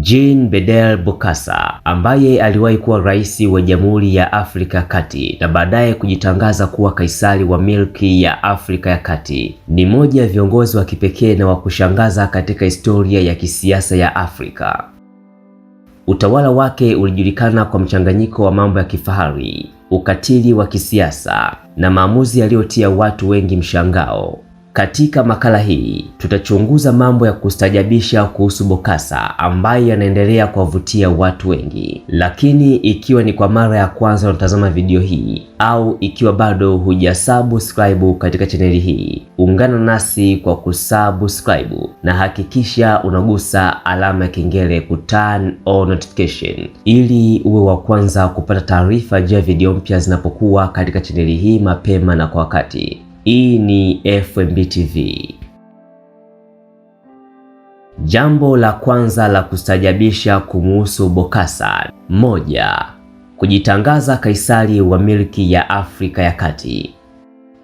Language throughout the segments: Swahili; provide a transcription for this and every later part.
Jean Bedel Bokassa ambaye aliwahi kuwa rais wa Jamhuri ya Afrika ya Kati na baadaye kujitangaza kuwa Kaisari wa Milki ya Afrika ya Kati, ni mmoja ya viongozi wa kipekee na wa kushangaza katika historia ya kisiasa ya Afrika. Utawala wake ulijulikana kwa mchanganyiko wa mambo ya kifahari, ukatili wa kisiasa na maamuzi yaliyotia watu wengi mshangao. Katika makala hii tutachunguza mambo ya kustajabisha kuhusu Bokasa ambaye yanaendelea kuwavutia watu wengi. Lakini ikiwa ni kwa mara ya kwanza unatazama video hii au ikiwa bado hujasubscribe katika chaneli hii, ungana nasi kwa kusubscribe na hakikisha unagusa alama ya kengele ku turn on notification ili uwe wa kwanza kupata taarifa juu ya video mpya zinapokuwa katika chaneli hii mapema na kwa wakati. Hii ni FMB TV. Jambo la kwanza la kustajabisha kumuhusu Bokassa: moja, kujitangaza kaisari wa milki ya Afrika ya Kati.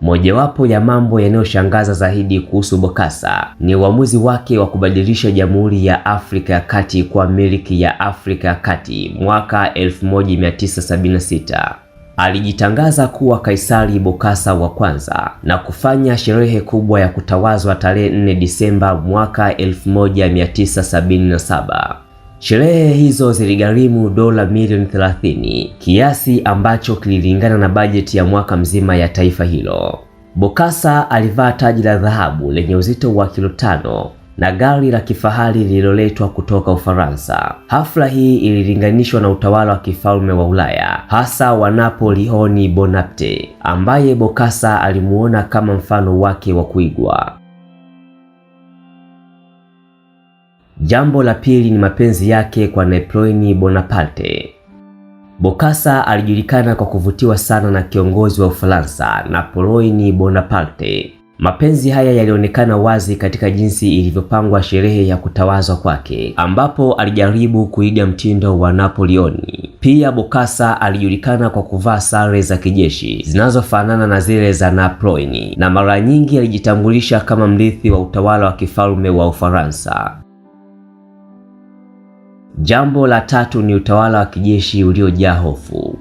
Mojawapo ya mambo yanayoshangaza zaidi kuhusu Bokassa ni uamuzi wake wa kubadilisha Jamhuri ya Afrika ya Kati kuwa milki ya Afrika ya Kati mwaka 1976 alijitangaza kuwa Kaisari Bokasa wa kwanza na kufanya sherehe kubwa ya kutawazwa tarehe 4 Disemba mwaka 1977. Sherehe hizo ziligharimu dola milioni 30, kiasi ambacho kililingana na bajeti ya mwaka mzima ya taifa hilo. Bokasa alivaa taji la dhahabu lenye uzito wa kilo tano na gari la kifahari lililoletwa kutoka Ufaransa. Hafla hii ililinganishwa na utawala wa kifalme wa Ulaya, hasa wa Napoleoni Bonaparte, ambaye Bokassa alimuona kama mfano wake wa kuigwa. Jambo la pili ni mapenzi yake kwa Napoleon Bonaparte. Bokassa alijulikana kwa kuvutiwa sana na kiongozi wa Ufaransa, Napoleon Bonaparte. Mapenzi haya yalionekana wazi katika jinsi ilivyopangwa sherehe ya kutawazwa kwake, ambapo alijaribu kuiga mtindo wa Napoleoni. Pia Bokassa alijulikana kwa kuvaa sare za kijeshi zinazofanana na zile za Napoleon, na mara nyingi alijitambulisha kama mrithi wa utawala wa kifalme wa Ufaransa. Jambo la tatu ni utawala wa kijeshi uliojaa hofu.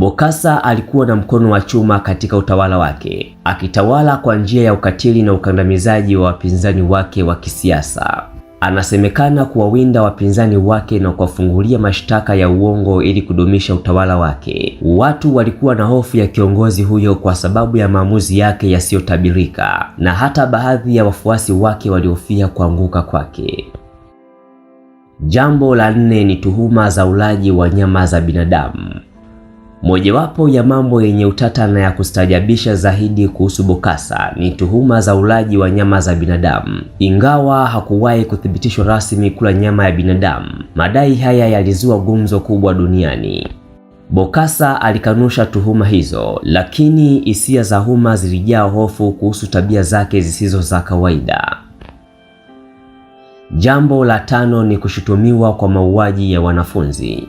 Bokassa alikuwa na mkono wa chuma katika utawala wake, akitawala kwa njia ya ukatili na ukandamizaji wa wapinzani wake wa kisiasa. Anasemekana kuwawinda wapinzani wake na kuwafungulia mashtaka ya uongo ili kudumisha utawala wake. Watu walikuwa na hofu ya kiongozi huyo kwa sababu ya maamuzi yake yasiyotabirika, na hata baadhi ya wafuasi wake walihofia kuanguka kwake. Jambo la nne ni tuhuma za ulaji wa nyama za binadamu. Mojawapo ya mambo yenye utata na ya kustajabisha zaidi kuhusu bokasa ni tuhuma za ulaji wa nyama za binadamu. Ingawa hakuwahi kuthibitishwa rasmi kula nyama ya binadamu, madai haya yalizua gumzo kubwa duniani. bokasa alikanusha tuhuma hizo, lakini hisia za umma zilijaa hofu kuhusu tabia zake zisizo za kawaida. Jambo la tano ni kushutumiwa kwa mauaji ya wanafunzi.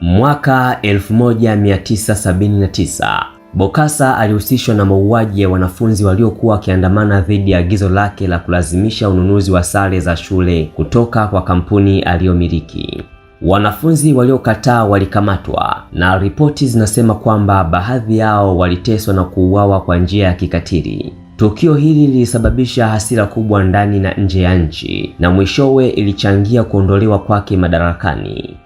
Mwaka 1979 Bokassa alihusishwa na mauaji ya wanafunzi waliokuwa wakiandamana dhidi ya agizo lake la kulazimisha ununuzi wa sare za shule kutoka kwa kampuni aliyomiliki. Wanafunzi waliokataa walikamatwa na ripoti zinasema kwamba baadhi yao waliteswa na kuuawa kwa njia ya kikatili. Tukio hili lilisababisha hasira kubwa ndani na nje ya nchi na mwishowe ilichangia kuondolewa kwake madarakani.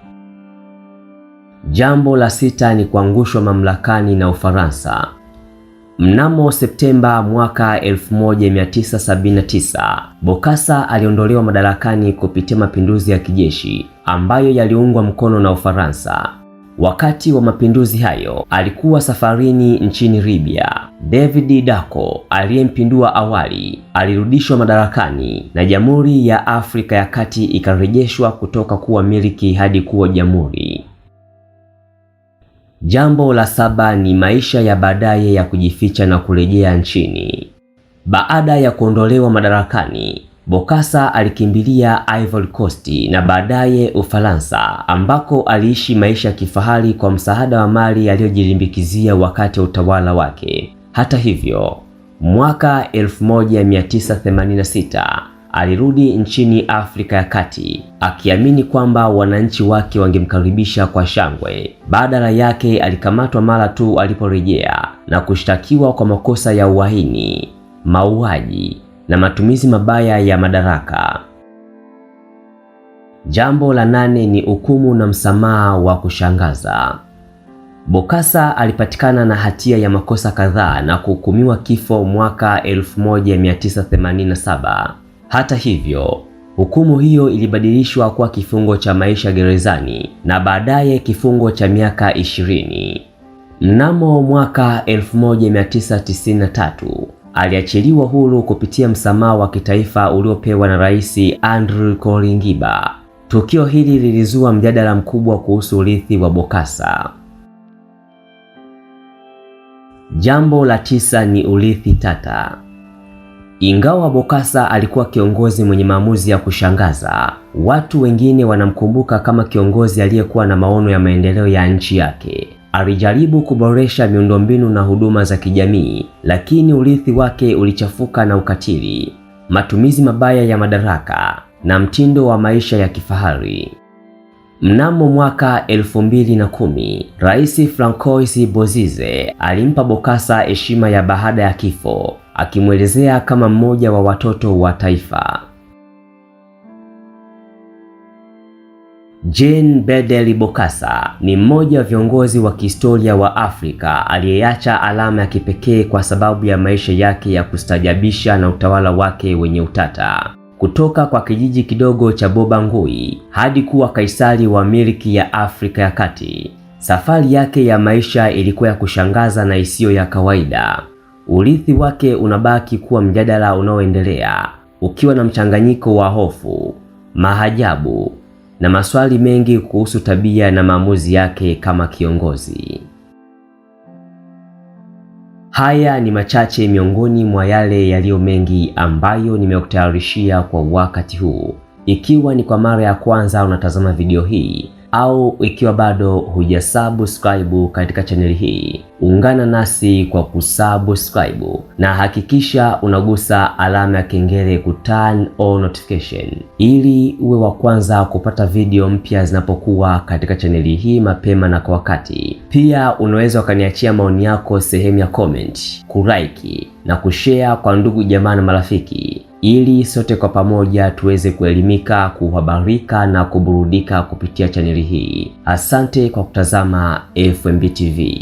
Jambo la sita ni kuangushwa mamlakani na Ufaransa. Mnamo Septemba mwaka 1979, Bokassa aliondolewa madarakani kupitia mapinduzi ya kijeshi ambayo yaliungwa mkono na Ufaransa. Wakati wa mapinduzi hayo, alikuwa safarini nchini Libya. David dako aliyempindua awali alirudishwa madarakani na Jamhuri ya Afrika ya Kati ikarejeshwa kutoka kuwa miliki hadi kuwa jamhuri. Jambo la saba ni maisha ya baadaye ya kujificha na kurejea nchini. Baada ya kuondolewa madarakani, Bokassa alikimbilia Ivory Coast na baadaye Ufaransa ambako aliishi maisha ya kifahari kwa msaada wa mali aliyojilimbikizia wakati wa utawala wake. Hata hivyo, mwaka 1986 alirudi nchini Afrika ya Kati akiamini kwamba wananchi wake wangemkaribisha kwa shangwe. Badala yake, alikamatwa mara tu aliporejea na kushtakiwa kwa makosa ya uhaini, mauaji na matumizi mabaya ya madaraka. Jambo la nane ni hukumu na msamaha wa kushangaza. Bokassa alipatikana na hatia ya makosa kadhaa na kuhukumiwa kifo mwaka 1987. Hata hivyo, hukumu hiyo ilibadilishwa kuwa kifungo cha maisha gerezani na baadaye kifungo cha miaka ishirini. Mnamo mwaka 1993 aliachiliwa huru kupitia msamaha wa kitaifa uliopewa na Rais Andrew Kolingiba. Tukio hili lilizua mjadala mkubwa kuhusu urithi wa Bokassa. Jambo la tisa ni urithi tata. Ingawa Bokassa alikuwa kiongozi mwenye maamuzi ya kushangaza, watu wengine wanamkumbuka kama kiongozi aliyekuwa na maono ya maendeleo ya nchi yake. Alijaribu kuboresha miundombinu na huduma za kijamii, lakini urithi wake ulichafuka na ukatili, matumizi mabaya ya madaraka na mtindo wa maisha ya kifahari. Mnamo mwaka 2010, Rais Francois Bozize alimpa Bokassa heshima ya baada ya kifo akimwelezea kama mmoja wa watoto wa taifa. Jean Bedeli Bokassa ni mmoja wa viongozi wa kihistoria wa Afrika aliyeacha alama ya kipekee kwa sababu ya maisha yake ya kustajabisha na utawala wake wenye utata. Kutoka kwa kijiji kidogo cha Bobangui hadi kuwa kaisari wa milki ya Afrika ya Kati, safari yake ya maisha ilikuwa ya kushangaza na isiyo ya kawaida urithi wake unabaki kuwa mjadala unaoendelea ukiwa na mchanganyiko wa hofu, mahajabu na maswali mengi kuhusu tabia na maamuzi yake kama kiongozi. Haya ni machache miongoni mwa yale yaliyo mengi ambayo nimekutayarishia kwa wakati huu. Ikiwa ni kwa mara ya kwanza unatazama video hii au ikiwa bado hujasubscribe katika chaneli hii, ungana nasi kwa kusubscribe na hakikisha unagusa alama ya kengele ku turn on notification ili uwe wa kwanza kupata video mpya zinapokuwa katika chaneli hii mapema na kwa wakati. Pia unaweza ukaniachia maoni yako sehemu ya comment, kulike na kushare kwa ndugu jamaa na marafiki ili sote kwa pamoja tuweze kuelimika, kuhabarika na kuburudika kupitia chaneli hii. Asante kwa kutazama FMB TV.